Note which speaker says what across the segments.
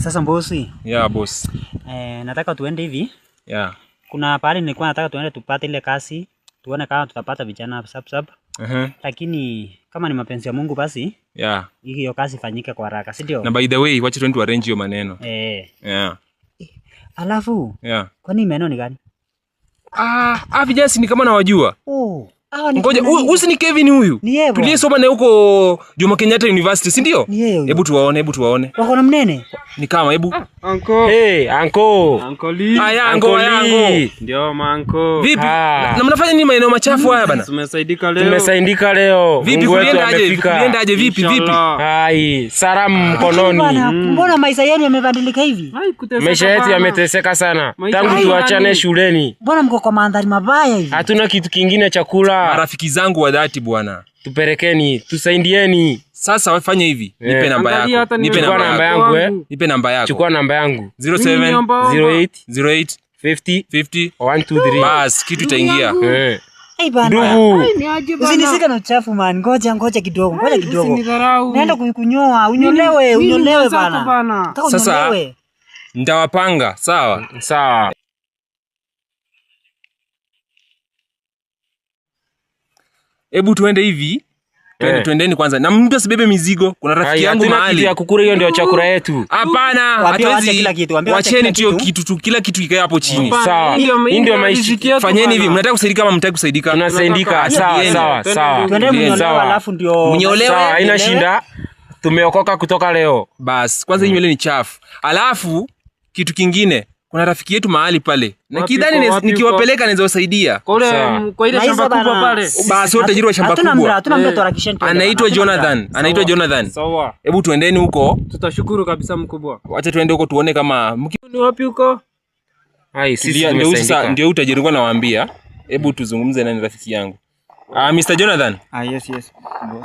Speaker 1: Sasa mbosi. Yeah, boss. Eh, nataka tuende hivi. Yeah. Kuna pale nilikuwa nataka tuende tupate ile kasi tuone kama tutapata vijana sap sap. Uh -huh. Lakini kama ni mapenzi ya Mungu basi. Yeah. Hiyo kazi fanyike kwa haraka, si ndio?
Speaker 2: Na by the way, wacha tuende arrange hiyo maneno. Eh. Yeah.
Speaker 1: Alafu. Yeah. Kwani maneno ni gani?
Speaker 2: Ah, ah vijana si ni kama nawajua. Oh. Ngoja, usi ni Kevin huyu? Tuliyesoma naye huko Jomo Kenyatta University, si ndio? Hebu tuwaone, hebu tuwaone.
Speaker 1: Wako na mnene?
Speaker 2: Ni kama hebu. Anko. Hey, anko. Anko Lee. Aya, anko, anko.
Speaker 3: Ndio ma anko.
Speaker 2: Vipi? Na mnafanya nini maeneo machafu haya bana?
Speaker 3: Tumesaidika leo.
Speaker 2: Tumesaidika leo. Vipi aje? kuliendaje? aje vipi? Vipi? Hai, salamu mkononi.
Speaker 1: Mm. Mbona maisha yenu yamebadilika hivi?
Speaker 2: Maisha yetu yameteseka sana. Tangu tuachane yaani. shuleni.
Speaker 1: Mbona mko kwa mandhari mabaya hivi?
Speaker 2: Hatuna kitu kingine cha kula marafiki zangu wa dhati bwana tuperekeni tusaidieni sasa wafanye hivi eh, nipe namba yako nipe namba, namba yangu eh? nipe namba yako
Speaker 3: chukua namba yangu
Speaker 2: 07 08
Speaker 3: 08 50
Speaker 2: bas kitu itaingia
Speaker 3: yeah. Eh.
Speaker 1: Usinisike na uchafu man, ngoja ngoja kidogo, ngoja kidogo. Naenda kunyoa, unyolewe, unyolewe bana. Sasa
Speaker 2: nitawapanga, sawa? Sawa. hebu tuende hivi Tuende, eh. twendeni kwanza na mtu asibebe mizigo. Kuna rafiki yangu mahali
Speaker 3: ya kukura, hiyo ndio chakura yetu.
Speaker 2: Hapana, hatuwezi. Wacheni tu kitu tu, kila kitu kikae hapo chini. Sawa, hii ndio maisha. Fanyeni hivi, mnataka kusaidika ama mtaki kusaidika?
Speaker 3: Tunasaidika. Sawa sawa sawa,
Speaker 1: twende mnyolewa, alafu ndio
Speaker 2: mnyolewa.
Speaker 3: Haina shida tumeokoka kutoka leo.
Speaker 2: Bas, kwanza hii nywele ni chafu, alafu kitu kingine kuna rafiki yetu mahali pale nakidhani nikiwapeleka naweza wasaidia Basi wote tajiri wa shamba kubwa. Eh. anaitwa Jonathan. Anaitwa Jonathan. Hebu tuendeni huko.
Speaker 3: Tutashukuru kabisa mkubwa.
Speaker 2: Wacha tuende huko tuone kama
Speaker 3: ni wapi huko.
Speaker 2: ndio utajiri kuwa nawaambia. Hebu tuzungumze nani rafiki yangu. uh, ah, Mr. Jonathan. Ah, yes yes.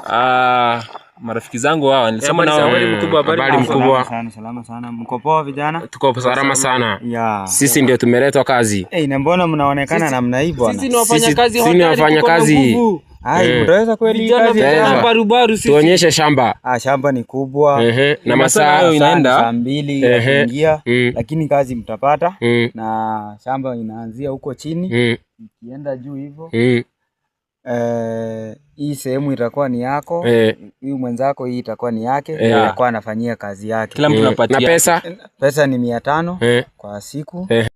Speaker 2: Ah, marafiki zangu hawa nilisema nao. Habari
Speaker 3: mkubwa,
Speaker 4: salama sana, mko poa vijana?
Speaker 2: Tuko salama sana Sisi ndio tumeletwa kazi.
Speaker 4: Eh, na mbona mnaonekana namna hii bwana?
Speaker 3: Sisi ni wafanyakazi,
Speaker 2: sisi ni wafanyakazi
Speaker 4: Hai, eh. mtaweza kweli
Speaker 3: kazi ya barubaru
Speaker 2: sisi. Tuonyeshe shamba.
Speaker 4: Ah, shamba ni kubwa.
Speaker 2: Ehe, na masaa
Speaker 3: hayo inaenda
Speaker 2: saa mbili
Speaker 4: inaingia, mm. lakini kazi mtapata mm. na shamba inaanzia huko chini mm. ikienda juu hivyo mm eh, hii sehemu itakuwa ni yako, hii Eh. mwenzako hii itakuwa ni yake, Eh. atakuwa anafanyia kazi yake.
Speaker 2: Kila mtu Mm. na anapata yake. pesa
Speaker 4: pesa ni mia tano Eh. kwa siku Eh.